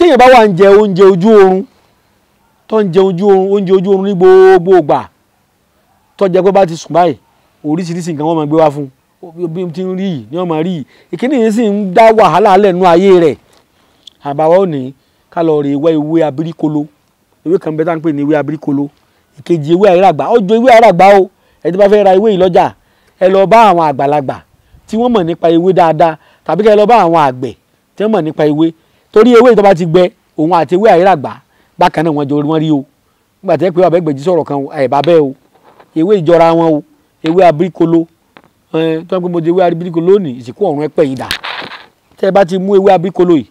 téèyàn bá wà ń jẹ oúnjẹ ojú oorun tó ń jẹ ojú oorun oúnjẹ ojú oorun ní gbogbo ìgbà tó pé bá ti sùn báyìí oríṣiríṣi nǹkan wọn máa gbé wá fún bí ti ń rí yìí ni wọn máa rí yìí ìkíní yìí sì ń dá wàhálà lẹ́nu ayé rẹ̀ àbáwá ò ní ká lọ rè wá ewé abiríkolo ewé kan bẹ́ẹ̀ tá à ń pè ní ewé abiríkolo ìkejì ewé àràgbá ọjọ́ ewé àràgbá o ẹni tó bá fẹ́ ra ewé yìí lọ́jà ẹ lọ bá àwọn àgbàlagbà tí wọ́n mọ̀ nípa ewé dáadáa tàbí kẹ́ ẹ lọ bá àwọn àgbẹ̀ tí wọ́n mọ̀ nípa ewé torí ewé tó bá ti gbẹ òun àti ewé àyíràgbà bákan náà wọ́n jọ wọ́n rí o nígbà tẹ́ pé abẹ́gbẹ̀jì sọ̀rọ̀ kan àìbá bẹ́ẹ̀ o ewé ìjọra wọn o ewé abirikolo tó ń pè mo di ewé abirikolo ní ìsìnkú ọ̀run ẹ̀pẹ̀ yìí dà tẹ́ ẹ bá ti mú ewé abirikolo yìí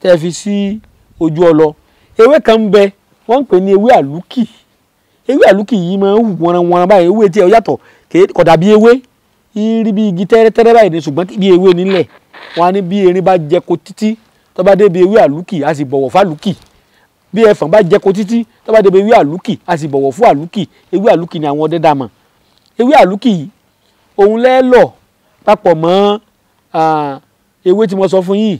tẹ́ ẹ fi sí ojú ọlọ ewé kan ń bẹ wọ́n ń pè ní ewé àlùkì ewé àlùkì yìí máa ń wù wọ̀nranwọ̀nran báyìí ewé tí ẹ yàtọ̀ kò dàbí ewé rí bí igi tẹ́rẹ́tẹ́rẹ́ báyìí ṣùgbọ́n bí ewé nílẹ̀ wọn á ní bí erin bá jẹ ko títí tó bá débi ewé àlùkì a sì bọ̀wọ̀ fálùkì bí ẹfọ̀n bá jẹko títí tó bá débi ewé àlùkì a sì bọ̀wọ̀ fún àlùkì ewé àlùkì ni àwọn ọdẹ dá mọ̀ ewé àlùkì yìí òun lẹ́ẹ̀lọ̀ papọ̀ mọ́ ewé tí mo sọ fún yìí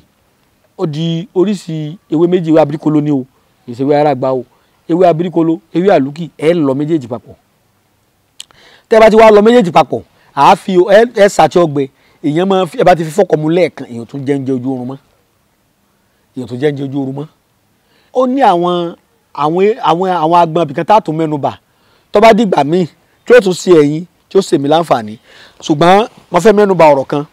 ó di oríṣi ewé méjì ewé abirikolo ni o ìṣèwé aragba o ewé abirikolo ewé àlùkì ẹ̀ lọ méjèèjì papọ̀ tẹ́ bá ti wá lọ méjèèjì papọ̀ àá fi ẹ ṣàti ọgbẹ èèyàn máa ẹ bá ti fi fọkọ mu lẹ́ẹ̀kan èèyàn tún jẹ ojú oorun mọ́ èèyàn tó jẹ́ ń jẹ ojú oru mọ́ ó ní àwọn àwọn àwọn àwọn agbọn ibìkan tá a tún mẹ́nu bà tó bá dìgbà míì tí ó tún ṣe ẹ̀yin tí ó ṣèmi láǹfààní ṣùgbọ́n mo fẹ́ mẹ́nu bà ọ̀rọ̀ kan